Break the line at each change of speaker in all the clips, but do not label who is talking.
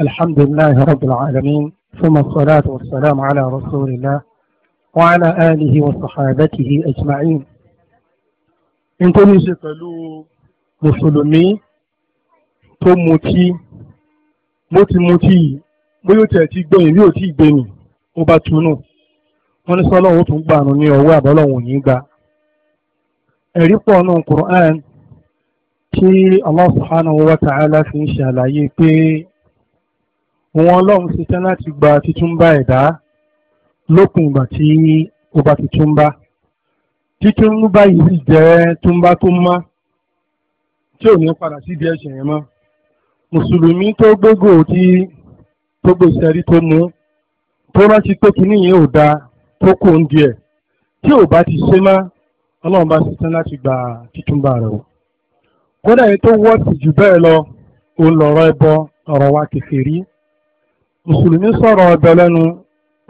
الحمد لله رب العالمين ثم الصلاة والسلام على رسول الله وعلى آله وصحابته أجمعين إن كنت سيقلوا مسلمي تموتي موتي موتي bóyá ó tiẹ̀ ti gbẹ̀yìn bí ó ti gbẹ̀yìn ó bá tunú wọn ní sọlọ́wọ́ tún gbàánu ní ọwọ́ àbọ́lọ́wọ́ yìí gba ẹ̀rí pọ̀ nù Qur'an tí Allah subhanahu wa ta'ala fi ń ṣàlàyé pé òun ọlọ́run ṣetán láti gba títúmbà ẹ̀dá lópin ìgbà tí ó bá ti túmbà títúmbà yìí sì jẹ́ túmbà tó má tí ò ní padà sí di ẹ̀ṣẹ̀ yẹn mọ́ mùsùlùmí tó gbégò tí tó gbèsè rí tó mú tó rántí pé kínní yìí ò dáa tó kó ń di ẹ̀ tí ò bá ti ṣe má ọlọ́run bá ṣetán láti gba títúmbà rẹ̀ o kódà yìí tó wọ́ọ̀tì jù bẹ́ẹ̀ lọ òun lọ̀rọ̀ ẹbọ ọ̀rọ̀ wa kẹfẹ́ mùsùlùmí sọ̀rọ̀ ọ̀dọ̀ lẹ́nu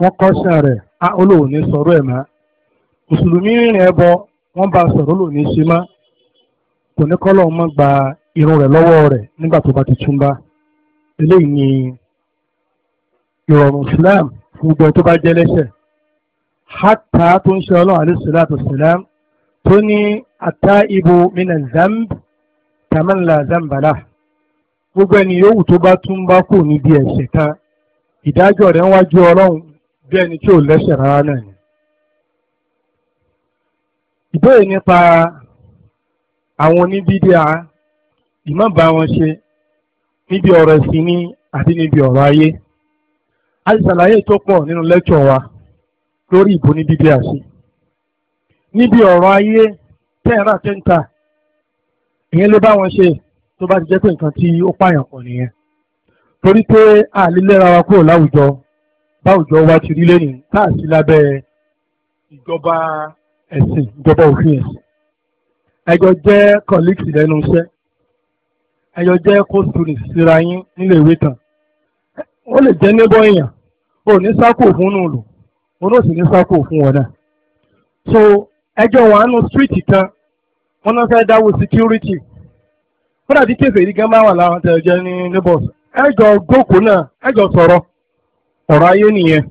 wọ́n kọ́ṣẹ́ rẹ̀ á olóòní sọ̀rọ̀ ẹ̀ má mùsùlùmí rìnrìn ẹbọ wọ́n bá sọ̀rọ̀ olóòní ṣe má kò ní kọ́ lọ́ọ́ mọ́ gba irun rẹ̀ lọ́wọ́ rẹ̀ nígbà tó bá ti túmbá eléyìí ni ìrọ̀rùn Islam fún gbọ́ tó bá jẹ́ lẹ́sẹ̀ hátà tó ń ṣe ọlọ́run alayhi salatu wassalam tó ní ataibu mina zamb kaman la zambala gbogbo ẹni yòówù tó bá túmbá kò níbi ẹ̀ṣẹ̀ kan ìdájọ́ rẹ̀ ń wájú ọlọ́run bí ẹni tí ò lẹ́sẹ̀ rárá náà ni. ìbéèrè nípa àwọn oníbídíà wọn ṣe níbi ọ̀rọ̀ ẹ̀sìn ní àti níbi ọ̀rọ̀ ayé a ti ṣàlàyé tó pọ̀ nínú lẹ́kọ̀ọ́ wa lórí ìbò oníbídíà sí. níbi ọ̀rọ̀ ayé tẹ́ẹ̀rà tẹ́ǹtà ìyẹn ló bá wọn ṣe tó bá ti jẹ́ pé nǹkan tí ó pààyàn pọ̀ nìyẹn torí pé àlélẹ́ra wa kúrò láwùjọ báwùjọ wa ti rí lẹ́yìn káàsì lábẹ́ ìjọba ẹ̀sìn ìjọba òfin ẹ̀sìn ẹjọ jẹ́ kọ̀líkì lẹ́nu iṣẹ́ ẹjọ jẹ́ kó síra yín nílé ìwé kan ó lè jẹ́ níbọ̀ èèyàn ó ní sákò fún nù lò ó náà ní sákò fún wọn náà so ẹjọ wà nù stíríìtì kan wọn náà fẹ́ dáwọ́ síkírítì kódà tí kẹfẹ́ yìí gan bá wà láwọn tẹ̀lé jẹ́ ní neighbors ẹjọ jọ náà ẹjọ jọ sọ̀rọ̀ ọ̀rọ̀ ayé nìyẹn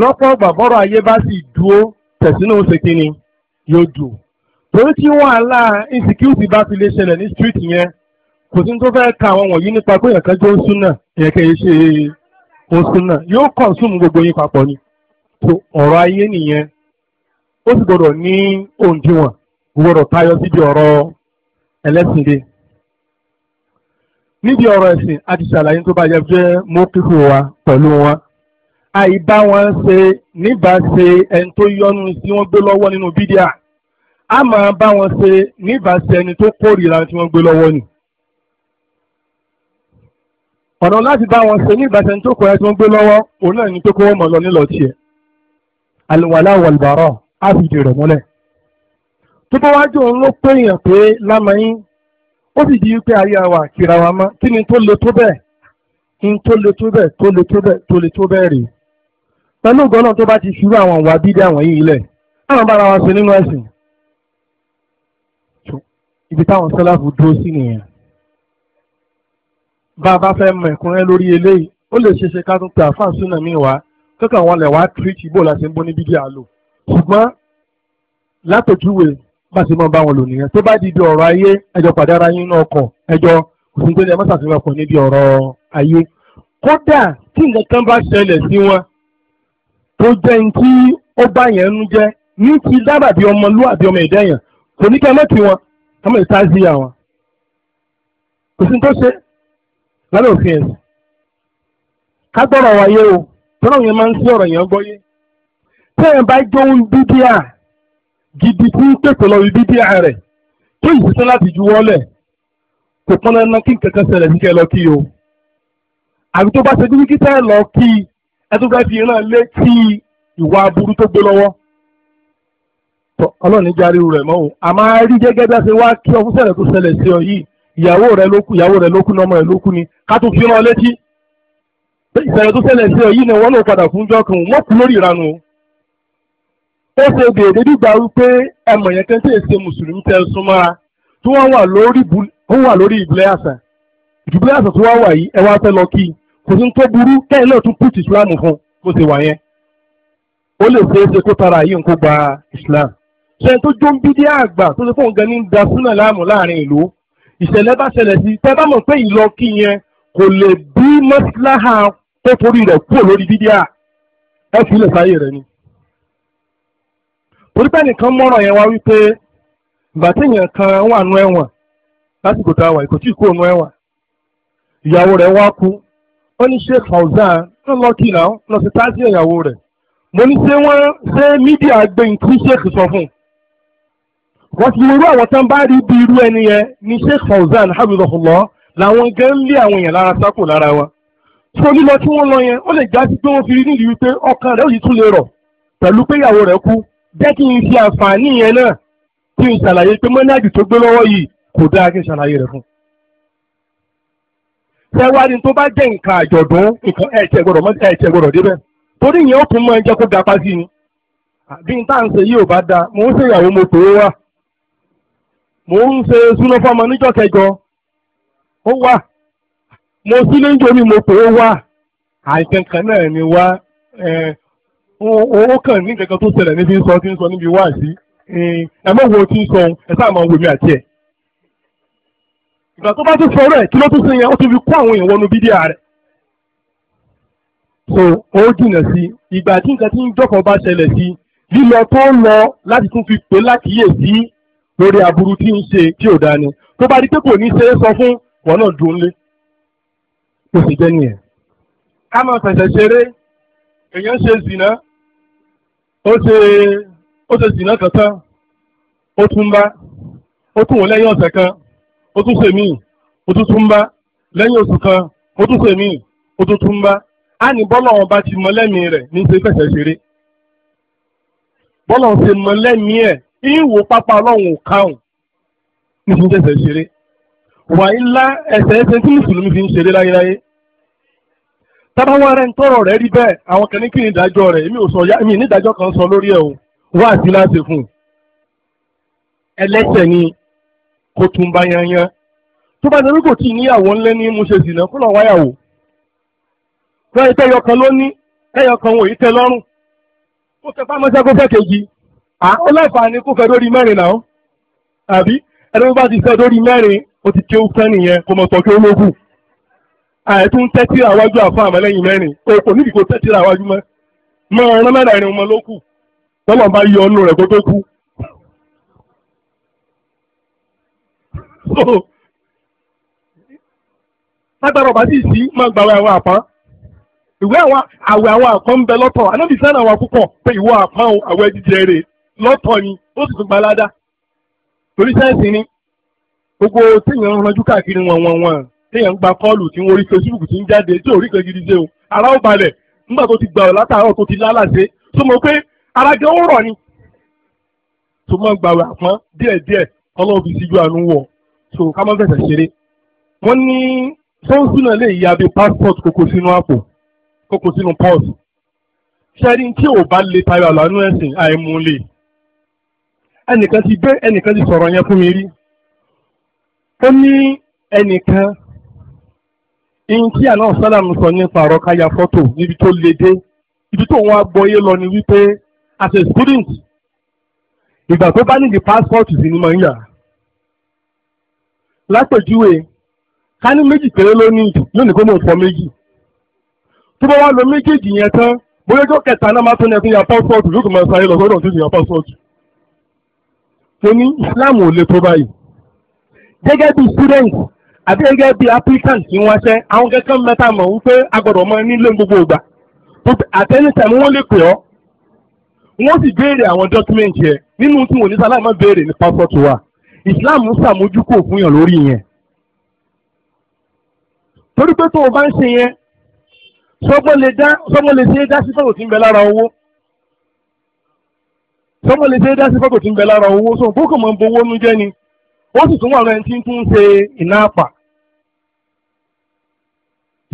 lọ́pọ̀ gbàgbọ́rọ̀ ayé bá sì dúró tẹ̀sínú ṣe kínni yóò dùn torí tí wàhálà insecurity bá fi lè ní street yẹn kò sí tó fẹ́ ka àwọn wọ̀nyí nípa pé oṣù náà ṣe oṣù náà yóò consume gbogbo yín papọ ni so ayé nìyẹn ó sì ní tayọ síbi ọrọ dé. níbi ọ̀rọ̀ ẹ̀sìn a ti ṣàlàyé tó bá yẹ jẹ́ mọ́kìkù wa pẹ̀lú wọn àìbá wọn ṣe níbàṣe ẹni tó yọnu tí wọ́n gbé lọ́wọ́ nínú bídíà a máa bá wọn ṣe níbàṣe ẹni tó kórìíra tí wọ́n gbé lọ́wọ́ ni. ọ̀nà láti bá wọn ṣe níbàṣe ẹni tó kórìíra tí wọ́n gbé lọ́wọ́ òun náà ni pé kó wọ́n mọ̀ lọ nílọ tiẹ̀ àlùwàlà wàlùbàrọ̀ á fi dèrò mọ́lẹ̀ tó bá wájú òun ló pé èèyàn ó sì di wípé ayé àwa kíra wa mọ́ kí ni tó le tó bẹ́ẹ̀ kí ni tó le tó bẹ́ẹ̀ tó le tó bẹ́ẹ̀ tó le tó bẹ́ẹ̀ rèé pẹ̀lú ìgbọ́nà tó bá ti ṣubú àwọn ìwà bídé àwọn yìí lẹ̀ táwọn bára wa ṣe nínú ẹ̀sìn ibi táwọn sẹ́láfù dúró sí nìyẹn bá a bá fẹ́ mọ ẹ̀kúnrẹ́ lórí eléyìí ó lè ṣeéṣe ká tún pe àfáà súnà míì wá kọ́kọ́ àwọn lẹ̀ wá tírìtì bó la ṣe ń bó ní bídé àlò ṣùgbọ́n látòjúwe bá ṣe máa bá wọn lò nìyẹn tó bá di di ọ̀rọ̀ ayé ẹjọ́ pàdé ara yín nínú ọkọ̀ ẹjọ́ òfin tó ní ẹmọ́ ṣàfihàn ọkọ̀ níbi ọ̀rọ̀ ayé kódà tí nǹkan kan bá ṣẹlẹ̀ sí wọn tó jẹ́ ní tí ó bá yẹn ń jẹ́ ní ti dábàbí ọmọlúwàbí ọmọ ẹ̀dá kò ní kẹ́ mọ́tì wọn ọmọ ìta sí àwọn òfin tó ṣe lábẹ́ òfin ẹ̀sìn ká gbọ́rọ̀ wáyé o tọ́rọ̀ yẹn máa ń sí ọ̀rọ̀ yẹn gbọ́yé tẹ́yìn bá jó ń à gidi tí ń lọ ibi bí rẹ̀ tó ìṣiṣẹ́ láti ju wọlé kò pọn dandan kí nǹkan kan ṣẹlẹ̀ sí kẹ́ lọ kí o àbí tó bá ṣe bíbí kíkẹ́ lọ kí ẹ tó fẹ́ lé kí ìwà aburú tó gbé lọ́wọ́ járe rẹ̀ mọ́ o a máa rí gẹ́gẹ́ bí a ṣe ọ fún tó ọ yìí ìyàwó rẹ ló ìyàwó rẹ ló kú ni ká fi létí ìṣẹ̀lẹ̀ tó ó ṣe dèédé dìgbà wípé ẹmọ̀ yẹn tẹ́tẹ́ ṣe mùsùlùmí tẹ́ sún mọ́ra tí wọ́n wà lórí ó wà lórí ìbílẹ̀ àṣà ìdúgbò àṣà tí wọ́n wà yìí ẹ wá fẹ́ lọ kí kò sí tó burú kẹ́hìn náà tún pùtì ìsìlámù fún bó ṣe wà yẹn ó lè ṣe é ṣe kó tara yìí nǹkó gba ìsìlám ṣe tó jó ń bí dé àgbà tó ṣe fóun ganin da súnà láàmú láàrin ìlú ìṣẹ̀lẹ̀ bá ṣẹlẹ̀ sí tẹ́ bá mọ̀ pé ìlọ yẹn kò lè bí mọ́síláhà tó torí rẹ̀ kúrò lórí bídíà ẹ fi lè sáyé rẹ̀ ni torí pé nìkan mọ́rọ̀ yẹn wá wípé ìgbà téèyàn kan wà nú ẹ̀wọ̀n lásìkò tá a wà kò tí ì kúrò nú ẹ̀wọ̀n ìyàwó rẹ̀ wá kú ó ní ṣe Fauzan ń lọ kí náà lọ sí táàsì ìyàwó rẹ̀ mo ní ṣé wọ́n ṣé mídíà gbé nǹkan ṣèkì sọ fún un wọ́n ti irú àwọn tán bá rí bí irú ẹni yẹn ní Sheikh Fauzan habibullah làwọn gan lé àwọn èèyàn lára sákò lára wa tó lílọ tí wọ́n lọ yẹn ó lè já sí pé wọ́n fi rí nídìí wípé ọkàn rẹ̀ òyìn tún lè rọ̀ pẹ̀lú pé ìyàwó rẹ̀ kú jẹ́ kí n si àǹfààní yẹn náà kí n ṣàlàyé pé mọ́nájì tó gbé lọ́wọ́ yìí kò dáa kí n ṣàlàyé rẹ̀ fún. sẹ́wádìí tó bá jẹ́ nǹkan àjọ̀dún nǹkan ẹ̀ẹ́tẹ̀ gbọ́dọ̀ mọ́ ẹ̀ẹ́tẹ̀ gbọ́dọ̀ débẹ̀ torí ìyẹn ó tún sí ni. bí n táà ń ṣe yìí ò bá mò ń mo mò ń ṣe súná fọmọ níjọ́ kẹjọ ó kàn ní kankan tó ṣẹlẹ̀ níbi ń sọ tí ń sọ níbi wáàsí ẹ mọ̀ wo tí ń sọ ẹ sáà máa wo mi àti ẹ̀. ìgbà tó bá tún sọ rẹ̀ kí ló tún sí yẹn ó ti fi kó àwọn èèyàn wọnú bídíà rẹ̀. so ó jìnà sí ìgbà tí nǹkan tí ń jọ́kọ̀ bá ṣẹlẹ̀ sí lílọ tó ń lọ láti tún fi pè lákìyèsí lórí aburú tí ń ṣe tí ò dání tó bá di pé kò ní ṣe é sọ fún wọn náà dùn lé kò sì jẹ́ nìyẹn. ká máa fẹ̀sẹ̀ ṣeré èèyàn ṣe zìnà ó ṣe ó ṣe jìnnà kan tán ó tún bá ó tún wò lẹ́yìn ọ̀sẹ̀ kan ó tún ṣèmí ó tún tún bá lẹ́yìn oṣù kan ó tún ṣèmí ó tún tún bá á ní bọ́lá ọba ti mọ lẹ́mìí rẹ̀ ní ṣe fẹsẹ̀ ṣeré bọ́lá ọ̀sẹ̀ mọ lẹ́mìí ẹ̀ ìwò pápá ọlọ́run ò káwọn ní fi ń fẹsẹ̀ ṣeré wàá ńlá ẹsẹ̀ ẹsẹ̀ tí mùsùlùmí fi ń ṣeré láyéláyé tábàwọ́ rẹ̀ ń tọrọ rẹ̀ rí bẹ́ẹ̀ àwọn kan ní kí ni ìdájọ́ rẹ̀ èmi ò sọ ya èmi nídájọ́ kan sọ lórí ẹ̀ o wá àti láti fún un ẹlẹ́sẹ̀ ni kó tún bá yanyan tó bá ní kò tí ì níyàwó ńlẹ́ ní mo ṣe sìnà kó lọ́ọ́ wáyàwó fún ẹ tẹ́yọ kan ló ní tẹ́yọ kan wò yí tẹ́ lọ́rùn kó fẹ́ fámọ́sẹ́ kó fẹ́ kejì àwọn láǹfààní kó fẹ́ lórí mẹ́rin náà àbí ẹni bá ti fẹ́ lórí mẹ́rin ó ti kéwú fẹ́ nìyẹn kó mọ̀ tọ́ kéwú àìtún tẹ́tí àwájú àfa àmọ́lẹ́yìn mẹ́rin kò níbi kò tẹ́tí àwájú mọ́ mọ́ ọ̀rán mẹ́rin wọn ló kù tọ́lọ̀ bá yọ ọ́nù rẹ̀ kó kú. látara ọba sì sí máa gbàwé àwọn àpá ìwé àwọn àwẹ̀ àwọn àpá ń bẹ lọ́tọ̀ anábì sẹ́nà wa púpọ̀ pé ìwọ àpá àwẹ̀ jíjẹ rẹ̀ lọ́tọ̀ ni ó sì tún gba ládàá torí téèyàn ń gba kọ́ọ̀lù tí wọ́n rí facebook ti ń jáde tí ò rí kan gidi ṣe o ara ó balẹ̀ nígbà tó ti gbà ọ̀ látàárọ̀ tó ti lálàṣe tó mọ̀ pé ara gan ó rọ̀ ni. tó mọ̀ gbàwé àpọ́n díẹ̀díẹ̀ ọlọ́run fi síjú àánú wọ̀ so ká má fẹsẹ̀ ṣeré. wọ́n ní sọ́ńsù náà lè ya bí passport kókó sínú àpò kókó sínú port. ṣẹ́ni tí ò bá lè tayọ àlànà ẹ̀sìn àìmúlẹ̀ ẹnìkan ti bẹ́ ẹnìkan ti sọ̀rọ̀ yẹn fún mi rí. ó ní ẹnìkan ihun tí àná sálàm sọ nípa ọ̀rọ̀ káyà fọ́tò níbi tó le dé ibi tó wọn agbọ́yé lọ ni wípé as a student ìgbà tó bá nídìí passport sí ni máa ń yà lápèjúwe ká ní méjì péré ló ní lónìí kó mọ̀ fọ́ méjì tó bá wá lọ méjèèjì yẹn tán bóyá ọjọ́ kẹta náà máa tún ẹkún ya passport yóò tún máa sáré lọ sọ́dọ̀ tó ti ya passport mo ní Islam ò le tó báyìí gẹ́gẹ́ bí student àbí gẹ́gẹ́ bí applicant ní wọ́n ṣẹ́ àwọn kankan mẹ́ta mọ̀ wípé agbọ̀dọ̀ mọ nílé gbogbo ìgbà at any time wọ́n lè pè ọ wọ́n sì béèrè àwọn document yẹn nínú tí wọn ní sáláì má béèrè ní passport wa Islam ṣàmójúkò fún yàn lórí yẹn torí pé tó o bá ń ṣe yẹn lè ṣe é dá sí wọ́n sì tún wà ẹni tí ń tún ṣe iná àpà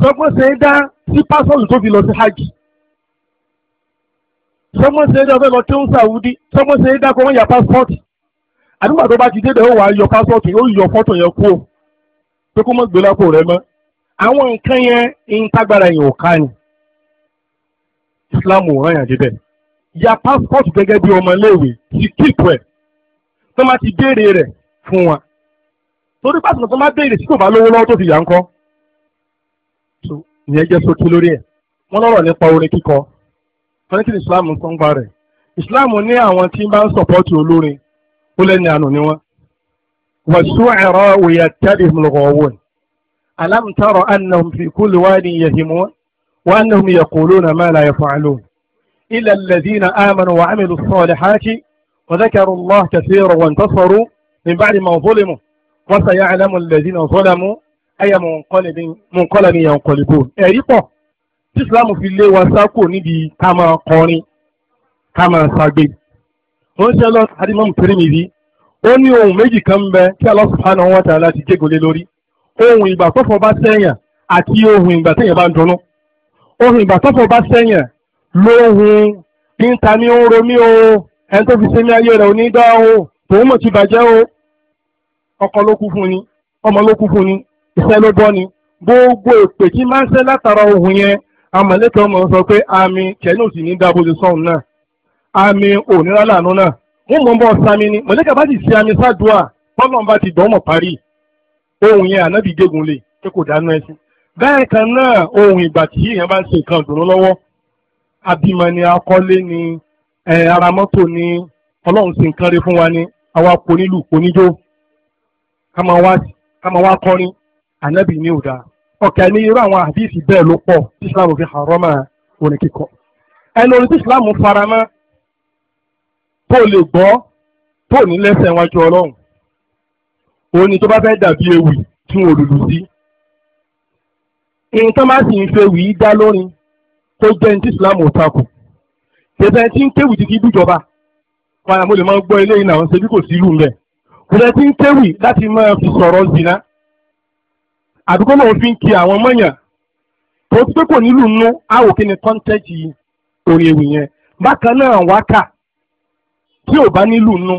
sọgbọ́n ṣe dá sí pásọ̀lù tó fi lọ sí hajj sọgbọ́n ṣe dá fẹ́ lọ tí ó ń sàwùdí sọgbọ́n ṣe dá kó wọ́n ya pásọ̀tì àdúgbò tó bá ti débẹ̀ wà á yọ yẹn kú o pé kó rẹ mọ́ àwọn nǹkan yẹn ni Islam ò ya fún wa torí pàṣẹ tó má béèrè tí kò bá lówó lọ́wọ́ tó fi yà ń kọ́ so ìyẹn jẹ́ sókè lórí ẹ̀ wọ́n lọ́rọ̀ nípa orin kíkọ wọ́n Islam ń sọ rẹ̀ Islam ní àwọn tí bá ń sọ̀pọ́tì olórin ó lẹ́ni àná ni wọ́n wàṣú ẹ̀rọ òye tẹ́lẹ̀ ìmùlọ̀kọ̀ ọ̀wọ́ ni alam tara annahum fi kulli wadin yahimun wa annahum yaquluna ma la yaf'alun illa alladhina amanu wa amilu s-salihati wa dhakaru Allah kathiran wa intasaru من بعد ما ظلموا وسيعلم الذين ظلموا أي منقلب منقلب ينقلبون ẹ̀rí pọ̀ tí islam fi lé wa sáko níbi ká máa kọrin ká máa ṣagbe wọ́n ṣe lọ adimamu tirimidi ó ní ohun méjì kan bẹ kí Allah subhanahu wa ta'ala ti jégolé lórí ohun ìgbà tọ́fọ̀ bá sẹ́yìn àti ohun ìgbà tẹ́yìn bá ń dunnú ohun ìgbà tọ́fọ̀ bá sẹ́yìn lóhun níta ní ọkọ ló kú fún ni ọmọ ló kú fún ni iṣẹ́ ló bọ́ ni gbogbo èpè tí máa ń ṣe látara ohun yẹn amọ̀lẹ́kẹ̀ ọmọ sọ pé àmì kẹ́ni ò ní náà àmì òníra náà wọ́n mọ̀ ni bá sì ṣe àmì sádùá bá ti dánwò parí ohun yẹn ànábì gégùn kò dáná bẹ́ẹ̀ kan náà ohun ìgbà tí èèyàn bá ń ṣe nǹkan dùnú Kama máa wá kọrin ànábì ní ò dáa ọ̀kẹ́ ní irú àwọn àdìsí bẹ́ẹ̀ ló pọ̀ tí islam fi hàn rọ́mà orin kíkọ ẹnu orin tí islam faramọ́ tó lè gbọ́ tó ní lẹ́sẹ̀ wájú ọlọ́run òun ni tó bá fẹ́ dàbí ewì tún òlùlù sí nǹkan má sì ń fẹ́ wì í dá lórin tó jẹ́ ní tí islam ò takò kẹfẹ́ tí ń kéwì títí bújọba wọn àmọ́ lè máa gbọ́ eléyìí náà ṣe bí kò sí ìlú mẹ́ẹ̀ kùdẹ tí ń kéwì láti máa fi sọ̀rọ̀ zina àdúgbò náà fi ń ki àwọn mọ̀nyàn tó ti pé kò nílò nú àwò kí ni kọ́ńtẹ́ǹtì orin ewì yẹn bákan náà wá kà tí ò bá nílò nú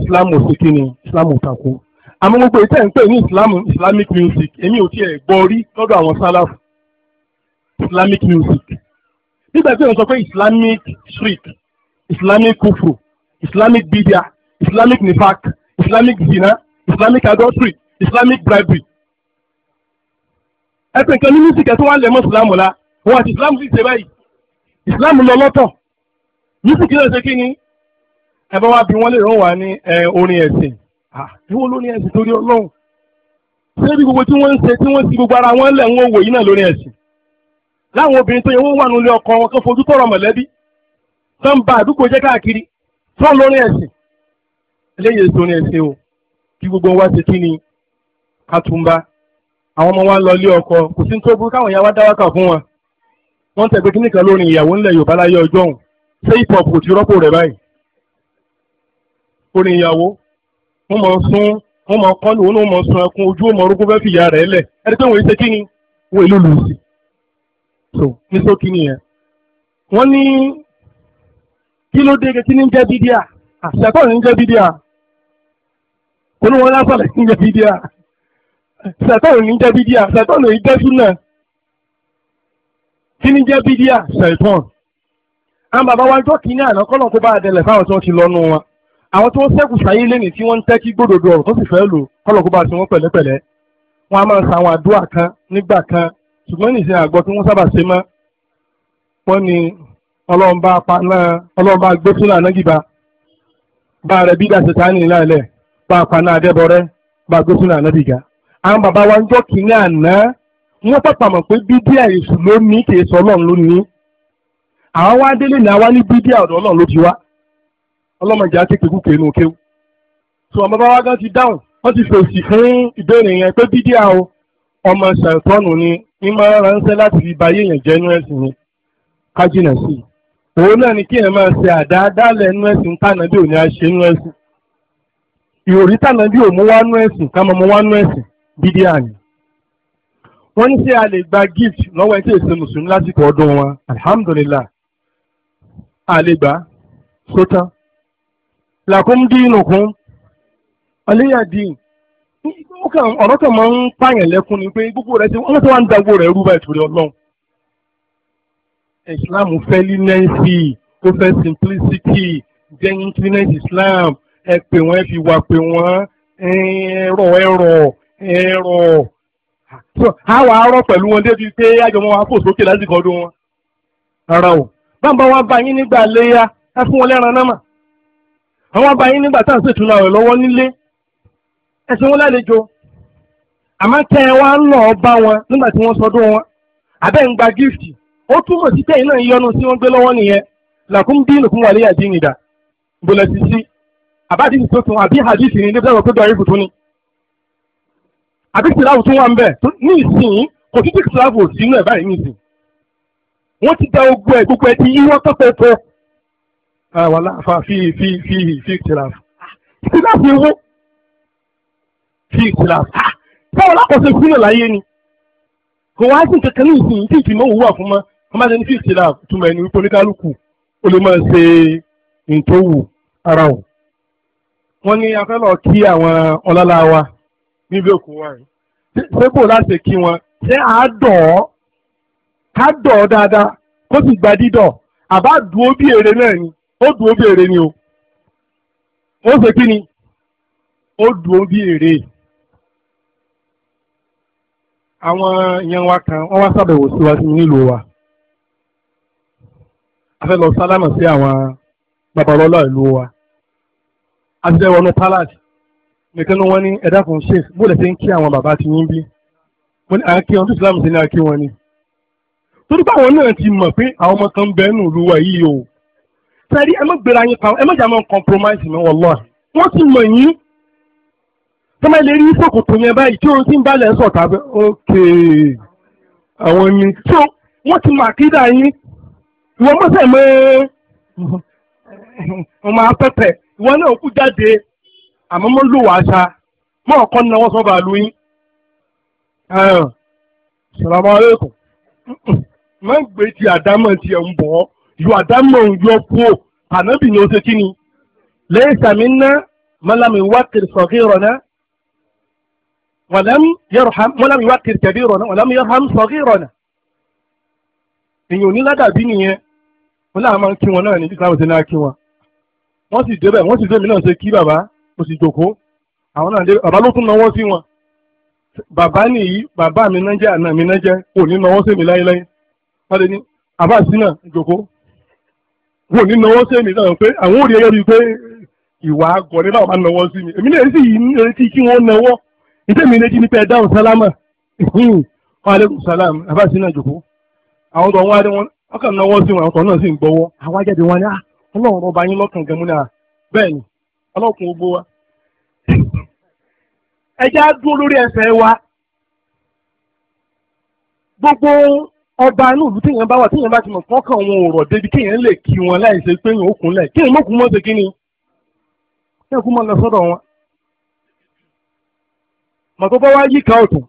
islam ò sí kí ni islam ò takò àmọ́ gbogbo ìtẹ́ ń pè ní islam islamic music èmi ò tiẹ̀ gbọ́ rí lọ́dọ̀ àwọn sálàfù islamic music nígbà tí wọ́n sọ pé islamic shriek islamic kufu, islamic bidia islamic nifak islamic zina islamic adultery islamic bribery. ẹ pè nǹkan ní music ẹ tó wá lẹ̀ mọ́ Islam la wọn àti Islam sì ṣe báyìí ìsìlámù lọ lọ́tọ̀ music náà ṣe kí ni ẹ bá wá bí wọ́n lè rán wá ní orin ẹ̀sìn ìwọ ló ní ẹ̀sìn torí ọlọ́run ṣé bí gbogbo tí wọ́n ń ṣe tí wọ́n sì gbogbo ara wọn lẹ̀ ń wò yìí náà lórí ẹ̀sìn láwọn obìnrin tó yẹ wọ́n wà nílé ọkọ wọn kó fojú tọrọ mọ̀lẹ́bí tó ń ba àdúgbò jẹ́ káàkiri tó ń lórí ẹ̀sìn eléyìí èso ní ẹsẹ o kí gbogbo wa ṣe kí ni kàtúmbà àwọn ọmọ wa ń lọ ilé ọkọ kò sí tó burú káwọn ìyá wa dá wákà fún wọn wọ́n tẹ̀gbẹ́ kí nìkan lórí ìyàwó ńlẹ̀ yorùbá láyé ọjọ́ òun ṣé hip kò ti rọ́pò rẹ̀ báyìí orin ìyàwó wọ́n mọ̀ sún wọ́n mọ̀ kọ́lù wọ́n mọ̀ sun ẹkún ojú ọmọ orúkú fẹ́ fìyà rẹ̀ lẹ̀ ẹni pé wọ́n ṣe kí ni wọ́n èlò lù sí so ní sókí nìyẹn wọ́n ní kí ló dé kí ni ń jẹ́ bídíà àṣàkọ́ ní ń jẹ́ bídíà olówó lásàlẹ̀ ń jẹ́ bídíà sẹ̀tọ́nù ní jẹ́ bídíà sẹ̀tọ́nù ní jẹ́ súnà kí ní jẹ́ bídíà sẹ̀tọ́n àwọn bàbá wa jọ́ kínní àná kọ́nà kó bá àdẹlẹ̀ fáwọn tí wọ́n ti lọ́nu wọn àwọn tí wọ́n ṣẹ́kù sáyé lẹ́nìí tí wọ́n ń tẹ́kí gbódòdó ọ̀rọ̀ tó sì fẹ́ lò kọ́nà kó bá a ṣe wọ́n pẹ̀lẹ́pẹ̀lẹ́ wọn a máa sa àwọn àdúrà kan nígbà kan ṣùgbọ́n ní ìsìn àgbọ̀ tí wọ́n sábà ṣe mọ́ wọ́n ní ọlọ́run bá pa náà pa àpàná adébọrẹ́ bá gbósùn náà nábì ga bàbá wa ń jọ kínní àná wọ́n pàpà mọ̀ pé bídíà ló ní kì í sọ ọlọ́run ló ní àwọn wá délé ní àwa ní bídíà ló ti wá á wa gan ti dáhùn ti fèsì fún ìbéèrè yẹn pé bídíà o ọmọ ṣàìtọ́nù ni ní máa ránṣẹ́ láti fi ba yéèyàn jẹ́ inú ẹ̀sìn ni sí i òun náà ni kí máa ìròrí tànà bí òmú wá nú ẹ̀sìn ká mọ́ mọ́ wá nú ẹ̀sìn dídí àná. wọ́n ní ṣé a lè gba gift lọ́wọ́ ẹtí èsì mùsùlùmí lásìkò ọdún wọn alhamdulillah a lè gbà sótán. làkún dínú kún ọlẹ́yàdín ọ̀rọ̀ kan máa ń pààyàn lẹ́kún ni pé gbogbo rẹ̀ ti wọ́n tó wá ń da gbogbo rẹ̀ rú báyìí torí ọlọ́run. islam fẹ́ lí nẹ́ẹ̀sì tó fẹ́ simplicity jẹ́ inclinate islam ẹ pè wọ́n ẹ fi wà pè wọ́n ẹ̀rọ ẹ̀rọ ẹ̀rọ àwọn arọ pẹ̀lú wọn débi pé àjọmọ́ wa fò sókè lásìkò ọdún wọn. rárá o bámbá wa bá yín nígbà léyà ká fún wọn lẹ́ran náà mà àwọn bá yín nígbà tá à ń ṣètùnú àwẹ̀ lọ́wọ́ nílé ẹ̀sìn wọn lálejò àmọ́ tẹ́ ẹ wá ń lọ bá wọn nígbà tí wọ́n sọdún wọn àbẹ́ ń gba gífìtì ó túmọ̀ sí tẹ́yìn náà yọnu tí wọ́n gbé lọ́wọ́ nìyẹn làkúndínlùkún wà léyà dín ìdá bọ́lá ti sí àbádìsí tuntun àbí hadith ni níbi táwọn pé dọ̀rí kùtù ni àbí sìláàfù tún wà ń bẹ̀ ní ìsìn kò tún tíkì sìláàfù ò sínú ẹ̀ báyìí ní ìsìn wọ́n ti da ogun ẹ̀ gbogbo ẹ̀ ti yí wọ́n tọ́pẹ́ tó wàhálà fa fi fi fi fi sìláàfù sìláàfù ewu fi sìláàfù báwo lákòóso sínú láyé ni kò wá sí kankan ní ìsìn tí ìfìmọ̀ òwúwà fún mọ́ wọ́n máa ń ní fi sìláàfù túmọ̀ ẹni wípé oníkálukú ó lè wọ́n ní afẹ́lọ́ kí àwọn ọlọ́lá wa nílé òkú wa yìí ṣé kò láti kí wọn ṣé à á dọ̀ ọ́ ká dọ̀ ọ́ dáadáa kó sì gba dídọ̀ àbá dúró bí èrè náà ni ó dúró bí èrè ni o ó ṣe kí ni ó dúró bí èrè àwọn èèyàn wa kan wọ́n wá ṣàbẹ̀wò sí wa sí nílùú wa afẹ́lọ́ sálámà sí àwọn babalọ́lá ìlú wa abẹ́wọ̀nù palace nìkan ni wọ́n ní ẹ̀dá kan sheikh bó lè ṣe ń kí àwọn bàbá ti yín bí wọ́n ní àáké wọn tó islam ṣe ní àáké wọn ni. torí báwọn náà ti mọ̀ pé àwọn ọmọ kan bẹ́ẹ̀ nù lùwà yìí o sẹ́rí ẹ má gbéra yín pa ẹ má jà máa compromise mi wọ́lọ́ wọ́n ti mọ̀ yín tọ́mọ ilé rí sòkòtò yẹn báyìí tí orin ti ń balẹ̀ sọ̀tà ok àwọn ni so wọ́n ti mọ̀ àkídà yín ìwọ́n mọ̀ sẹ́ẹ̀ mọ́ ọ́n máa ìwọ náà kú jáde àmọ́ mọ́ lò wá sa mọ́ ọ̀kọ́ náwó sọ bàálù yín. salamu aleykum máa ń gbé ti àdámọ̀ tiẹ̀ ń bọ̀ yọ àdámọ̀ ń yọ kúò ànábì ni ó ṣe kí ni lẹ́yìn sàmì ńná mọ́lámi wá kiri sọ̀kì ìrọ̀nà wàlámù yẹrọ̀hám wá kiri tẹ̀bí ìrọ̀nà wàlámù yẹrọ̀hám sọ̀kì ìrọ̀nà èyàn ò ní ládàbí nìyẹn wọn náà máa ń kí wọn náà ní bí sáwọn ti náà kí wọn wọ́n sì débẹ̀ wọ́n sì dé mi náà ṣe kí bàbá mo sì jòkó àwọn náà dé bàbá ló tún náwó sí wọn bàbá nìyí bàbá mi náà jẹ́ àná mi náà jẹ́ kò ní náwó sí mi láyéláyé wọ́n lè ní àbá sí náà jòkó kò ní náwó sí mi náà pé àwọn ò rí ẹyẹ bíi pé ìwà àgọ̀ ní báwọn máa náwó sí mi èmi náà sì ní etí kí wọ́n náwó ìtẹ́ mi létí nípa ẹ̀dáhùn sálámà ìhìn aleykum salam àbá sí náà jòkó àwọn tó wọn á dé wọn ọkàn náwó sí wọn àwọn tó náà sì ń gbọ́wọ́ àwọn ọlọ́run ọba yín lọ́kàn gan múnà bẹ́ẹ̀ ni ọlọ́kùn gbogbo wa ẹjẹ́ á dúró lórí ẹsẹ̀ wa gbogbo ọba inú ìlú téèyàn bá wà téèyàn bá ti mọ̀ fọ́kàn wọn ò rọ̀ débi kéèyàn lè kí wọn láì ṣe pé èèyàn ó kúnlẹ̀ kéèyàn mọ̀kún mọ́ ṣe kí ni kéèyàn kú mọ́ lọ sọ́dọ̀ wọn. màtọ́fọ́ wá yíká ọ̀tún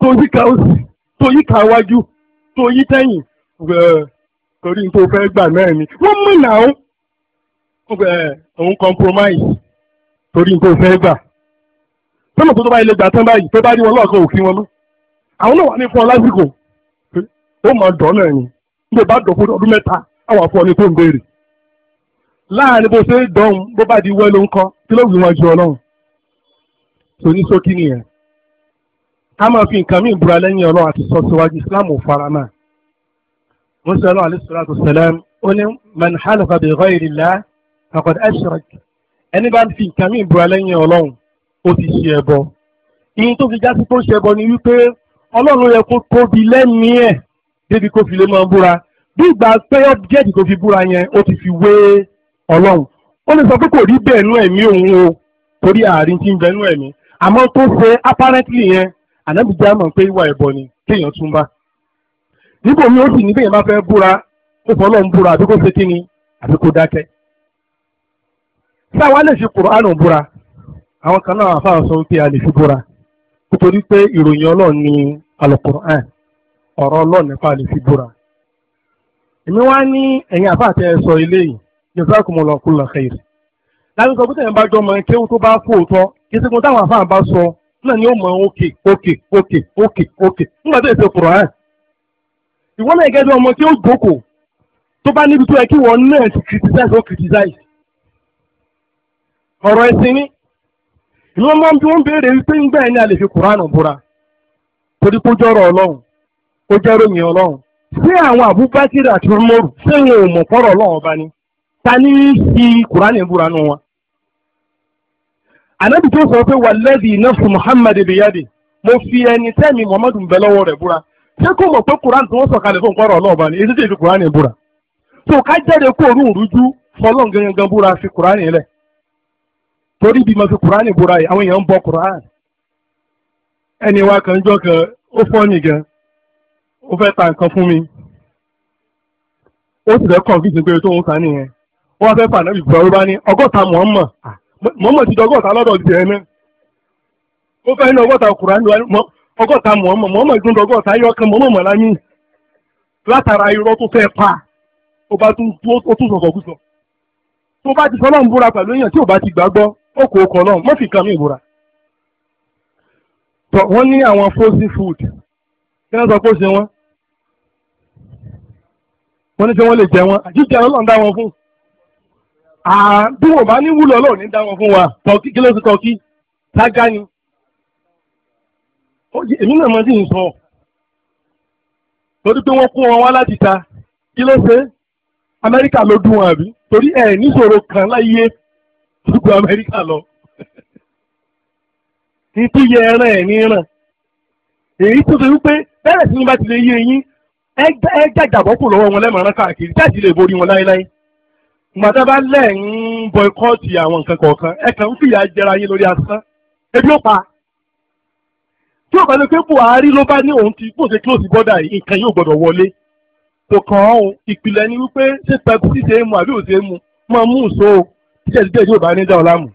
tó yíká òsì tó yíká iwájú tó yí tẹ́yìn kò rí ní tó fẹ́ gbà náà ni wọ́n mú ìnáwó òun compromise torí nǹkan òfin gbà tọ́nà tó tó báyìí lè gbà tán báyìí tó bá rí wọn lọ́ọ̀kan òfin wọn mọ́ àwọn náà wà ní fún ọ lásìkò ó máa dọ̀ náà ni níbo bá dọ̀ fún ọdún mẹ́ta àwọn afọ ni tó ń béèrè láàrin bó ṣe dọ̀hún bó bá di wọ́n ló ń kọ́ kí ló wù wọn ju ọlọ́run tó sókí nìyẹn ká máa fi nǹkan míì búra lẹ́yìn ọlọ́run àti sọ síwájú Islam ò fara náà wọ́n ṣe ọlọ́run alayhi salatu faqad ashrak ẹni bá ń fi nǹkan mí ìbúra lẹ́yìn ọlọ́run ó ti ṣe ẹbọ ìyẹn tó fi já sí tó ṣe ẹbọ ni wípé ọlọ́run yẹ kó tóbi lẹ́mìí ẹ̀ débi kó fi lè máa búra bí ìgbà pé ọ́bjẹ́tì tó fi búra yẹn ó ti fi wé ọlọ́run ó lè sọ pé kò rí bẹ́ẹ̀ nú ẹ̀mí òun o torí ààrin tí ń bẹ nú ẹ̀mí àmọ́ tó ṣe apparently yẹn ànábìjá mọ̀ pé ìwà ẹbọ ni kéèyàn tún bá níbo mi ó sì ní bẹ́ẹ̀ máa fẹ́ búra kó fọlọ́run búra àbí kó ṣe kíni àbí kó dákẹ́ tá a wá lè fi kùránù búra àwọn kan náà àfa sọ pé a lè fi búra nítorí pé ìròyìn ọlọ́run ni alukur'an ọ̀rọ̀ ọlọ́run nípa a lè fi búra. èmi wá ní ẹ̀yin àfa àti ẹ̀sọ́ ilé yìí jazakumullahu kulla khair. láti sọ pé tẹ̀yìn mọ kéwù tó bá fòótọ́ ìṣègùn táwọn àfa bá sọ náà ni ó mọ òkè òkè òkè òkè òkè nígbà tó yẹ ṣe kùránù. ìwọ náà gẹ́gẹ́ bí ọmọ tí ó jókòó tó bá níbi tó yẹ kí wọ́n náà criticize ó criticize Ọrọ ẹ̀sìn ni ìwọ́n máa ń bí wọ́n béèrè wípé ńgbà ẹni a lè fi kùránù búra torí kó jọrọ ọlọ́run kó jọrọ mi ṣé àwọn Abubakar àti Umaru ṣé wọn ò ni ta ní fi kùránù nù wọn. tó sọ pé Muhammad mo fi ẹni tẹ́mi Muhammadu ń lọ́wọ́ rẹ̀ ṣé kò mọ̀ pé torí bí mo fi kuraani ya, yìí àwọn èèyàn ń bọ kuraani ẹni wa kan jọ kan ó fọ́ọ̀nì gan ó fẹ ta nǹkan fún mi ó si fẹ́ kọ̀ǹfìsì pé tó ń ta nìyẹn ó wá fẹ́ fà náà bá ní ọgọ́ta mọ̀ọ́mọ̀ mọ̀ọ́mọ̀ ti di ọgọ́ta lọ́dọ̀ ti ó fẹ́ ní ọgọ́ta ọgọ́ta mọ̀ọ́mọ̀ mọ̀ọ́mọ̀ ti di ọgọ́ta mọ̀ọ́mọ̀ látara irọ́ tó fẹ́ pa ó bá tún sọ̀kọ̀ kú sọ tó bá ti fọlọ́run búra pẹ̀lú èèyàn ó kò kọ̀ lọ́hùn wọ́n sì kàn mí ìbúra. tọ́ wọ́n ní àwọn frozen food kí wọ́n sọ pé ó ṣe wọ́n wọ́n ní ṣé lè jẹ wọn àjíjẹ ọlọ́run dá wọn fún. bí bá ní wúlò ní dá wọn fún wa tọ́kí kí ló ti tọ́kí tágá ni. èmi náà máa sọ torí pé kó wọn wá láti ta kí ló ṣe Amẹ́ríkà ló gbogbo amẹ́ríkà lọ ní yẹ ẹran ẹ̀ ní ràn èyí tó ṣe wípé bẹ́ẹ̀ sí ni bá ti lè yé yín ẹ jàjàbọ́ kù lọ́wọ́ wọn lẹ́mọ̀ràn káàkiri jáde lè borí wọn láéláé gbàtà bá lẹ̀ ń bọ̀ìkọ́ọ̀tì àwọn nǹkan kọ̀ọ̀kan ẹ kàn ń fìyà jẹra yín lórí asán ebi ó pa tí ó bá lè pé Buhari ló bá ní òun ti gbòde close border yìí nǹkan yóò gbọdọ̀ wọlé kò kàn án o ìpìlẹ̀ ni wípé ṣé pepsi é mu tíṣẹ̀ tíṣẹ̀ yóò bá ní dá ọ láàmú.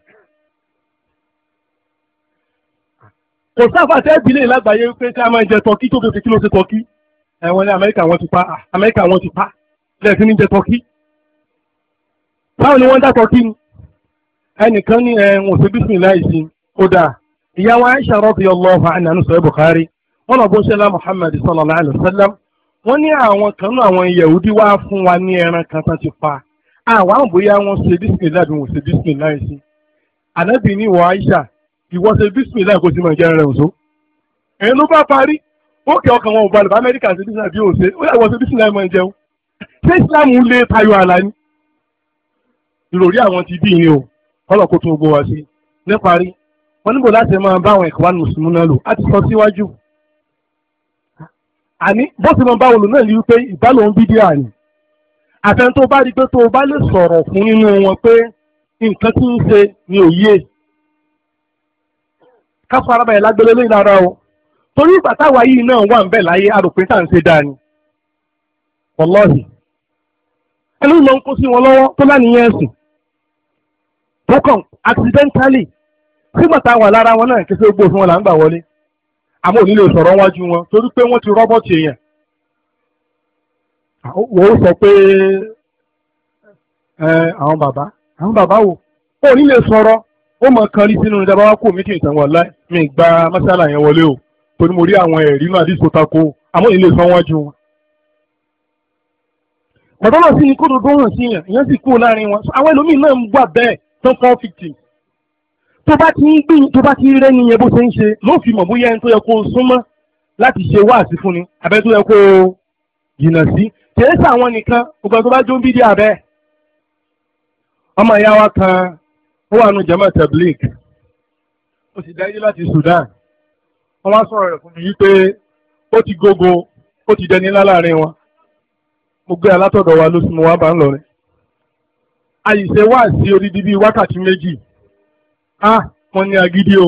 kò sáfà tẹ́ẹ̀bì lè lágbàáyé pé ká máa jẹ tọ́kí tó kékeré kí ló ṣe tọ́kí ẹ̀wọ̀n ní amẹ́ríkà wọ́n ti pa ah, amẹ́ríkà wọ́n ti pa lẹ́ẹ̀sì ní jẹ tọ́kí. báwo ni wọ́n dá tọ́kí ni ẹnìkan ní ẹ̀wọ̀n òṣèbísì láìsí ó dáa ìyá wa aisha radiyallahu anha nínú sọ̀rọ̀ bukhari wọn lọ bó ṣe lá muhammad sallallahu alayhi wa ní àwọn kan àwọn yahudi wá fún wa ní ẹran kan tán ti pa àwọn àwọn bóyá wọn ṣe bísímìlá bí wọn ṣe bísímìlá yìí sí ànábì ní ìwọ Aisha ìwọ ṣe bísímìlá kó sì máa jẹ ẹran òṣó ẹni ló bá parí ó kẹ ọkàn wọn ò balẹ̀ bá Amẹ́ríkà ṣe bísímìlá bí òṣè ó yà wọ ṣe bísímìlá máa jẹun ṣé Islam lè tayọ àlà ni ìròrí àwọn ti bí ni o kọ́lọ̀ kó tún gbọ́ wá sí níparí wọn níbo láti máa bá àwọn ẹ̀kọ́ mùsùlùmí náà lò á ti sọ síwájú àní bó ti máa bá wọn lò náà ní wípé ìbálòun bídíà ni àfẹn tó bá rí pé tó o bá lè sọ̀rọ̀ fún nínú wọn pé nǹkan tí ń ṣe ni òye ká fara balẹ̀ lágbélé lóyún lára o torí ìgbà táwa yìí náà wà ń bẹ̀ láyé aròpin tá à ń ṣe dáa ni wọlọ́ọ̀hì ẹni ló ń kó sí wọn lọ́wọ́ tó lánìyàn ẹ̀sìn tó kàn accidentally sígbà táwa lára wọn náà kí ṣe gbó fún wọn là ń gbà wọlé àmọ́ òní lè sọ̀rọ̀ wájú wọn torí pé wọ́n ti rọ́bọ̀tì èèyàn wò ó sọ pé àwọn bàbá àwọn bàbá wò ó ní lè sọ̀rọ̀ ó mọ̀ kan rí sínú ìjọba wa kó mi kì í tàn wọ́n láì mi gba mọ́sálà yẹn wọlé o torí mo rí àwọn ẹ̀rí náà àdìsó tako àmọ́ ìlé sọ wọ́n ju wọn. bàbá sí ni kó dodo hàn sí yàn ìyẹn sì kú láàrin wọn àwọn ẹlòmíín náà ń wà bẹ́ẹ̀ tó kọ́ fìtì tó bá ti ń gbìn tó bá ti rẹ́ nìyẹn bó ṣe ń ṣe ló fi mọ̀ bóyá ẹni tó yẹ kó o súnmọ́ láti ṣe wáàsí fún ni àbẹ́ tó yẹ kó jìnnà sí kìí sàwọn nìkan gbogbo tó bá jó ń bí di abẹ́ ọmọ ìyá wa kan ó wà nù jama tablik ó sì láti Sudan wọ́n wá sọ̀rọ̀ rẹ̀ fún mi wípé ó ti gogo ó ti dẹni ńlá láàrin wọn mo gbé alátọ̀dọ̀ wa ló sì mo wá bá ń lọ rẹ̀ àyìṣe wà sí odidi bíi wákàtí méjì á wọn ní agídí o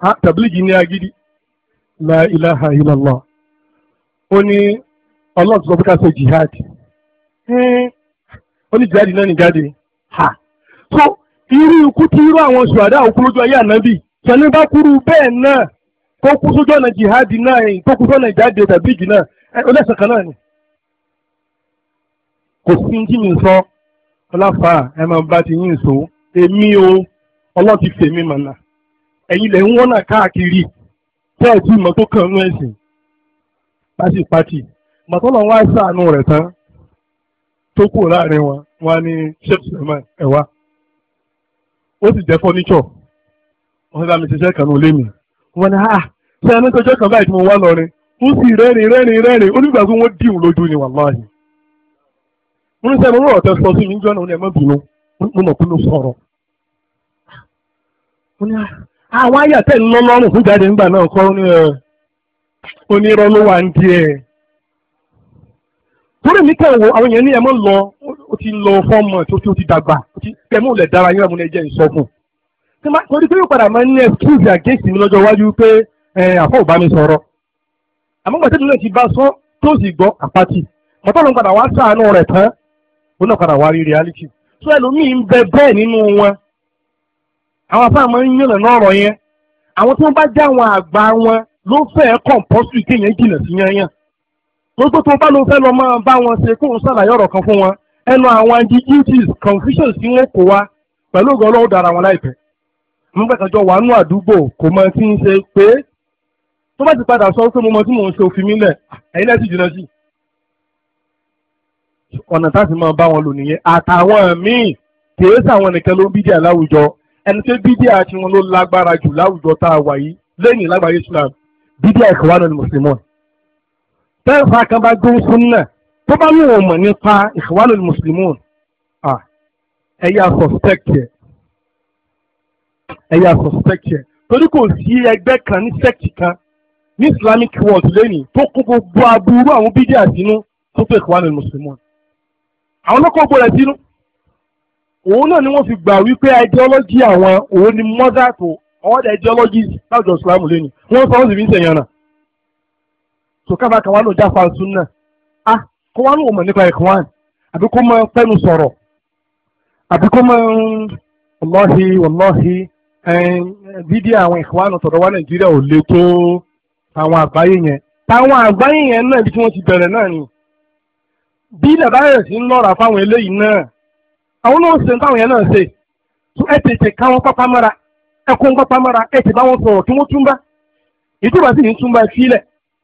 á tàbílìgì ní agídí la ilaha illallah ó ní ọlọ́run sọ pé jihad hmm. ó jihad náà ní ha so irú ikú tí irú àwọn ṣùgbọ́n lójú ayé ànábì sani bá kúrú bẹ́ẹ̀ náà tó kú sójú ọ̀nà jihad náà tó kú sójú ọ̀nà jáde tàbí jù náà kan náà ni kò sí ní kí mi o ọlọ́run ti fèmí mọ̀nà ẹ̀yin lẹ̀ ń káàkiri màtọ́lọ̀ wá ṣàánú rẹ̀ tán tó kù láàrin wọn wọn ní sheikh suleiman ẹ̀wá ó sì jẹ́ fọ́níṣọ̀ wọ́n dá mi ṣiṣẹ́ kan ní olé mi wọn ní ah ṣé ẹni tó jẹ́ kan báyìí tí mo wá lọ rin ó sì rẹ́rìn rẹ́rìn rẹ́rìn onígbà tó wọ́n dìhùn lójú ni wàláhì mo ní sẹ́ni olóòrò tẹ sọ sí mi náà ẹ bínú àwọn ayé torí mi kàn wo àwọn èèyàn ní ẹ mọ lọ ó ti lọ fọmọ tó ti ó ti dàgbà kẹ mọ lẹ dára yín àmúlẹ jẹ ìsọfún torí pé yóò padà máa ní excuse against mi lọ́jọ́ iwájú pé àfọ ò bá mi sọ̀rọ̀ àmọ́ gbàtẹ́ nínú ti bá sọ tó sì gbọ́ àpáti mọ̀tọ́ ló ń padà wá ṣàánú rẹ̀ tán ó náà padà wá rí reality so ẹlòmíì ń bẹ bẹ́ẹ̀ nínú wọn àwọn afáà máa ń yànnà náà ọ̀rọ̀ yẹn àwọn tí wọ́n bá já àwọn àgbà wọn ló fẹ́ẹ́ compulsory kéèyàn jìnnà sí yányàn torí pé tó bá ló fẹ́ lọ máa bá wọn ṣe kó ń ṣàlàyé ọ̀rọ̀ kan fún wọn ẹnu àwọn ambiguities confusions tí wọ́n kó wa pẹ̀lú ògùn ọlọ́run dára wọn láìpẹ́ nígbàkanjọ wà nù àdúgbò kò mọ tí ń ṣe pé tó bá ti padà sọ pé mo mọ tí mò ń ṣe òfin mi lẹ̀ ẹ̀yin náà sì jìnnà sí ọ̀nà táàsì máa bá wọn lò nìyẹn àtàwọn míì kìí sàwọn nìkan ló ń bídíà láwùjọ ẹni pé bídíà tiwọn ló lágbára jù láwùjọ tá a wà yìí lẹ́yìn lágbàáyé Islam bídíà ìkọ̀wá náà ni mùsùlùmọ́ọ̀ bẹ́ẹ̀ fa kan bá gbé súnà tó bá ní òun mọ̀ nípa Ikhwanul Muslimun ẹ yà suspect yẹ ẹ yà suspect yẹ torí kò sí ẹgbẹ́ kan ní sect kan ní Islamic world lẹ́nìí tó kó gbogbo aburú àwọn bídíà sínú tó tó Ikhwanul Muslimun àwọn lọ́kọ̀ gbọ́dọ̀ sínú òun náà ni wọ́n fi gbà wípé ideology àwọn òun ni mother to all ideologies láwùjọ Islam lẹ́nìí wọ́n sọ wọ́n sì fi ń sẹ̀yàn náà so káfà kan wà ló já fa sunna a ah, kó wà ló wọ̀ mọ̀ nípa ikhwan àbí kó máa fẹ́nu sọ̀rọ̀ àbí kó máa ń wallahi wallahi dídí àwọn ikhwan tọ̀dọ̀ wá nàìjíríà ò le tó àwọn àgbáyé yẹn táwọn àgbáyé yẹn náà ibi tí wọ́n ti bẹ̀rẹ̀ náà ni bí nàbáyọ̀ sí ń lọ́ra fáwọn eléyìí náà àwọn náà ṣe táwọn yẹn náà ṣe tó ẹ tètè ká wọn pápá mọ́ra ẹ kó wọn pápá mọ́ra ẹ tètè bá wọn sọ̀rọ̀ kí wọ́n túmbá ìtura sì ní túmbá sílẹ̀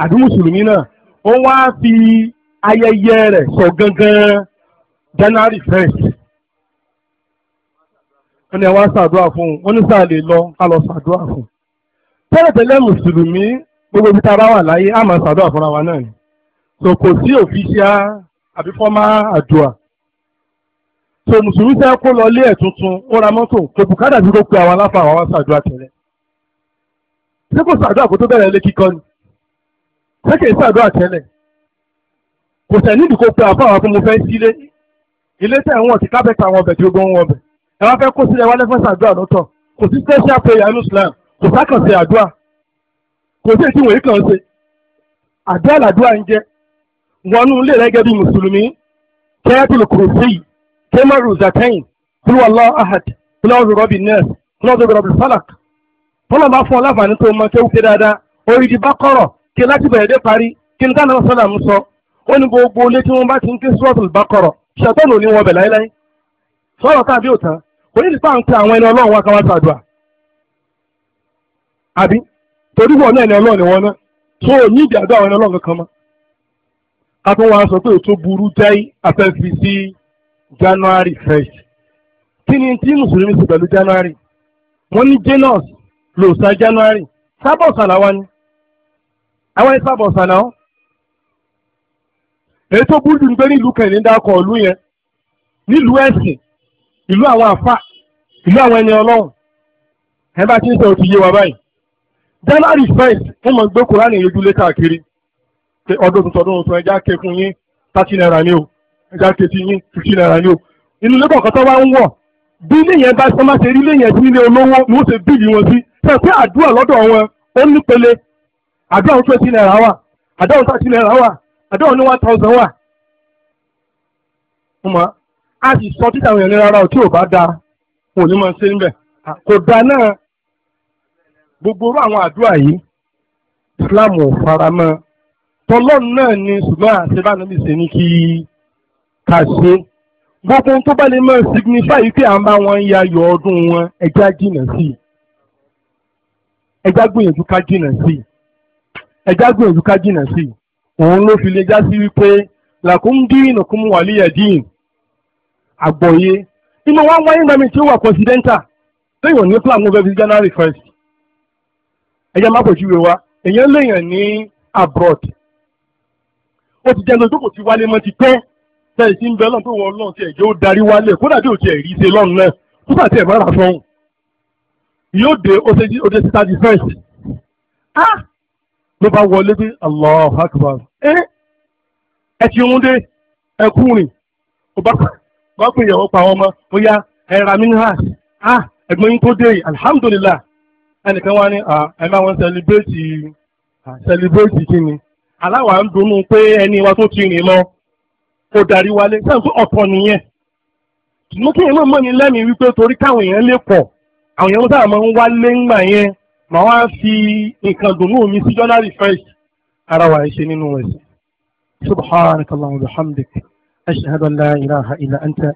àbí mùsùlùmí náà ó wá fi ayẹyẹ rẹ̀ sọ gangan January first wọ́n ní wá ṣàdúrà fún un wọ́n ní sáà lè lọ ká lọ ṣàdúrà fún un tẹ́lẹ̀tẹ́lẹ̀ mùsùlùmí gbogbo ibi tá a bá wà láyé á máa ṣàdúrà fúnra wa náà ni so kò sí official àbí formal àdúrà so mùsùlùmí fẹ́ kó lọ ilé ẹ̀ tuntun ó ra mọ́tò kò bùkátà sí kó pe àwọn aláfa àwọn wá ṣàdúrà tẹ́lẹ̀ ṣé kò ṣàdúrà kó tó bẹ̀rẹ̀ ilé kíkọ́ ni ṣé kìí ṣàdúrà tẹ́lẹ̀ kò sẹ́ni ìdìkò pé àfáwọn fún mo fẹ́ sílé ilé tẹ̀ ń wọ̀n ti kábẹ́ta àwọn ọbẹ̀ tí ó gbóhùn ọbẹ̀ ẹ wá fẹ́ kó sílẹ̀ wálé fẹ́ ṣàdúrà lọ́tọ̀ kò sí special prayer inú Islam kò sákànṣe àdúrà kò sí ètí wòye kàn ṣe àdúrà làdúrà ń jẹ wọnú ilé rẹ gẹ́gẹ́ bí mùsùlùmí kẹ́ẹ́tùlù kùrùsì kémàrù zatain kúlúwàlá ahad kúlọ́ọ̀dù rọ́bì nẹ́ẹ̀sì kúlọ́ọ̀dù rọ́bì falak tọ́lọ́ bá fún ọ láǹfààní tó mọ kéwùké dáadáa orí di bá kọ́rọ̀ kí láti bẹ̀rẹ̀ dé parí kí ní káná sọ́là ń sọ ó ní gbogbo ilé tí wọ́n bá ti ń ké suratul Baqara ṣàtọ́nù ní wọn bẹ̀ láíláí sọ̀rọ̀ tàbí òtán kò ní ìdípa ń pe àwọn ẹni ọlọ́run wá ká wá ṣàdúrà àbí torí wọn náà ẹni ọlọ́run ni wọn náà tó o ní ìdí àdó àwọn ẹni ọlọ́run kankan mọ́ ká tó wá sọ pé ètò burú jáì afẹ́fi sí January first kí ni tí mùsùlùmí ṣe pẹ̀lú January wọ́n ní janus lòsàn January sábọ̀ sàlàwá ni àwọn ẹ̀sà bọ̀sà náà èyí tó burú jù ń gbé nílùú kẹ̀ní dákọ̀ ìlú yẹn nílùú ẹ̀sìn ìlú àwọn àfà ìlú àwọn ẹni ọlọ́run ẹ bá ti ń sọ òtún yé wa báyìí january first wọ́n mọ̀ gbé kuraani yẹjú lé káàkiri ọdún tuntun ọdún tuntun ẹja ké fún yín thirty naira ni o ẹja ké sí yín fifty naira ni o inú ilé kọ̀ọ̀kan tó bá ń wọ̀ bí ilé yẹn bá sọ́mọ́ ṣe rí ilé yẹn sí ilé olówó ni wọ́n ṣe bíìlì wọn sí ṣe pé àdúrà lọ́dọ̀ wọn ó nípele àdéhùn twenty naira wà àdéhùn thirty naira wà àdéhùn ní one thousand wà. mo mọ̀ a sì sọ títà àwọn ènìyàn rárá o tí ò bá dáa wọn ò ní máa ṣe níbẹ̀ kò dáa náà gbogbo orú àwọn àdúrà yìí Islam ò fara mọ́ tọlọ́run náà ni ṣùgbọ́n àṣebánabi ṣe ní kí ká ṣe gbogbo ohun tó bá lè mọ̀ signify pé à ń bá wọn ya ayọ̀ ọdún wọn ẹja jìnnà sí i ẹja gbìyànjú ká jìnnà sí i ẹja gbìyànjú ká jìnnà sí i òun ló fi lè já sí wípé làkún dínà kún wàlíyà dín àgbọ̀yé inú wa ń wáyé gbàmí tí ó wà kọ́sídẹ́ńtà lẹ́yìn òní plan over this January first ẹ̀yà má pọ̀ júwe wa èèyàn lèèyàn ní abroad ó ti jẹ́ ẹni tó kò ti wálé mọ́ ti pẹ́ bẹ́ẹ̀ sí ń bẹ lọ́n pé wọ́n lọ́n ti ẹ̀jẹ̀ ó darí wálé kódà tí ò ti ẹ̀rí ṣe lọ́n náà tó bá ti ẹ̀ má rà sọ́hùn yóò dé ó ṣe ó dé sí thirty first ah ló bá wọlé pé Allahu Akbar ẹ ẹ ti ń dé ẹ kú rìn ó bá pè yẹ̀wò pa ọmọ ó yá ẹ ra minhas ah ẹ̀gbọ́n yín tó dé yìí alhamdulillah ẹnìkan wá ní ẹ máa wọn sẹlibrétì sẹlibrétì kí ni aláwa ń dunnú pé ẹni wa tó ti rìn lọ ó darí wálé sáà tó ọ̀tọ̀ nìyẹn ṣùgbọ́n kí ẹ máa mọ̀ ní lẹ́mìí wípé torí káwọn èèyàn lè pọ̀ àwọn èèyàn sábà máa ń wálé ńgbà yẹn màá wá fi nǹkan dùnú mi sí jọ́nà refresh ara wa ṣe nínú ẹ̀sìn. subhanaka allahumma wa bihamdik ashhadu an la ilaha illa anta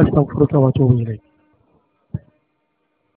astaghfiruka wa atubu ilayk.